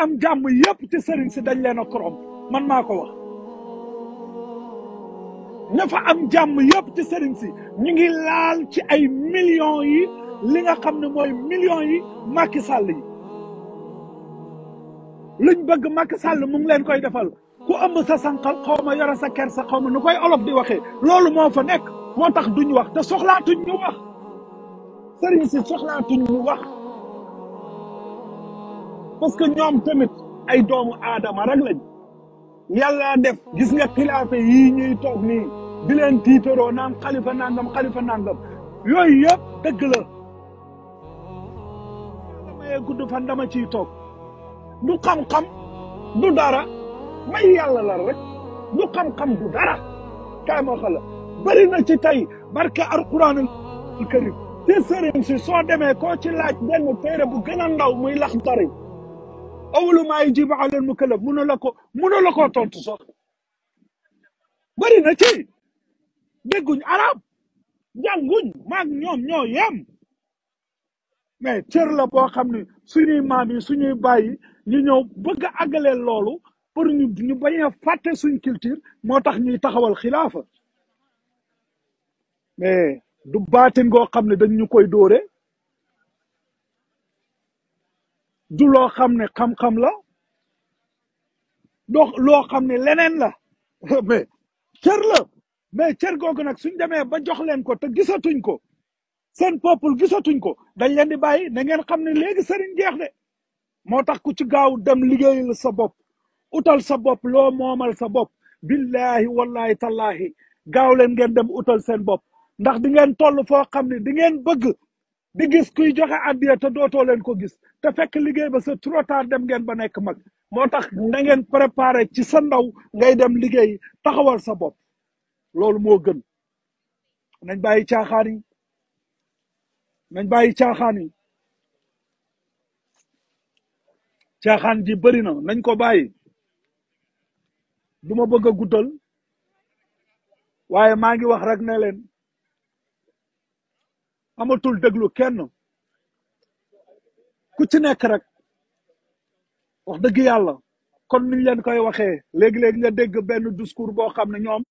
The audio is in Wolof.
am jàmm yépp ci sëriñ si dañ leen a korom man maa ko wax ña am jàmm yépp te sëriñ si ñu ngi laal ci ay millions yi li nga xam ne mooy million yi Macky sàll yi luñ bëgg Macky sàll mu ngi leen koy defal ku ëmb sa sanqal xaw ma yore sa ker sa xaw ma nu koy olof di waxee loolu moo fa nekk moo tax duñ wax te soxlaatuñ ñu wax sëriñ si soxlaatuñ ñu wax parce que ñoom tamit ay doomu aadama rek lañ yàlla def gis nga xilaafa yii ñuy toog nii di leen tiitaroo naan xalifa nangam xalifa nangam yooyu yëpp dëgg la damayee gudd fan dama ciy toog du xam-xam du dara may yàlla la rek du xam-xam du dara kaay ma xala ci tey barke alquranul karim te sëriñ si soo demee koo ci laaj benn téere bu gën a ndaw muy lax dari awalu maa yujibu alal mukallaf mënoo la ko mënoo la koo tontu sax bëri na ci dégguñ arab jànguñ maag ñoom ñoo yem mais cër la boo xam ne suñuy maam yi suñuy bàyyi ñu ñëw bëgg a àggaleel loolu pour ñu ñu bañ a fàtte suñ culture moo tax ñuy taxawal xilaafa mais du baatin goo xam ne dañ koy dóore du loo xam ne xam-xam la do loo xam ne leneen la mais cër la mais cër googu nag suñ demee ba jox leen ko te gisatuñ ko seen peuple gisatuñ ko dañ leen di bàyyi na ngeen xam ne léegi sëriñ jeex de moo tax ku ci gaaw dem liggéeyal sa bopp utal sa bopp loo moomal sa bopp billahi wallahi tallahi gaaw leen ngeen dem utal seen bopp ndax di ngeen toll foo xam ne di ngeen bëgg di gis kuy joxe addiya te dootoo leen ko gis te fekk liggéey ba sa trop tard dem ngeen ba nekk mag moo tax na ngeen préparé ci sa ndaw ngay dem liggéey taxawal sa bopp loolu moo gën nañ bàyyi caaxaan yi nañ bàyyi caaxaan yi caaxaan ji bëri na nañ ko bàyyi duma ma bëgg a guddal waaye maa ngi wax rek ne leen amatul déglu kenn ku ci nekk rek wax dëgg yàlla kon niñ leen koy waxee léegi-léegi nga dégg benn discours boo xam ne ñoom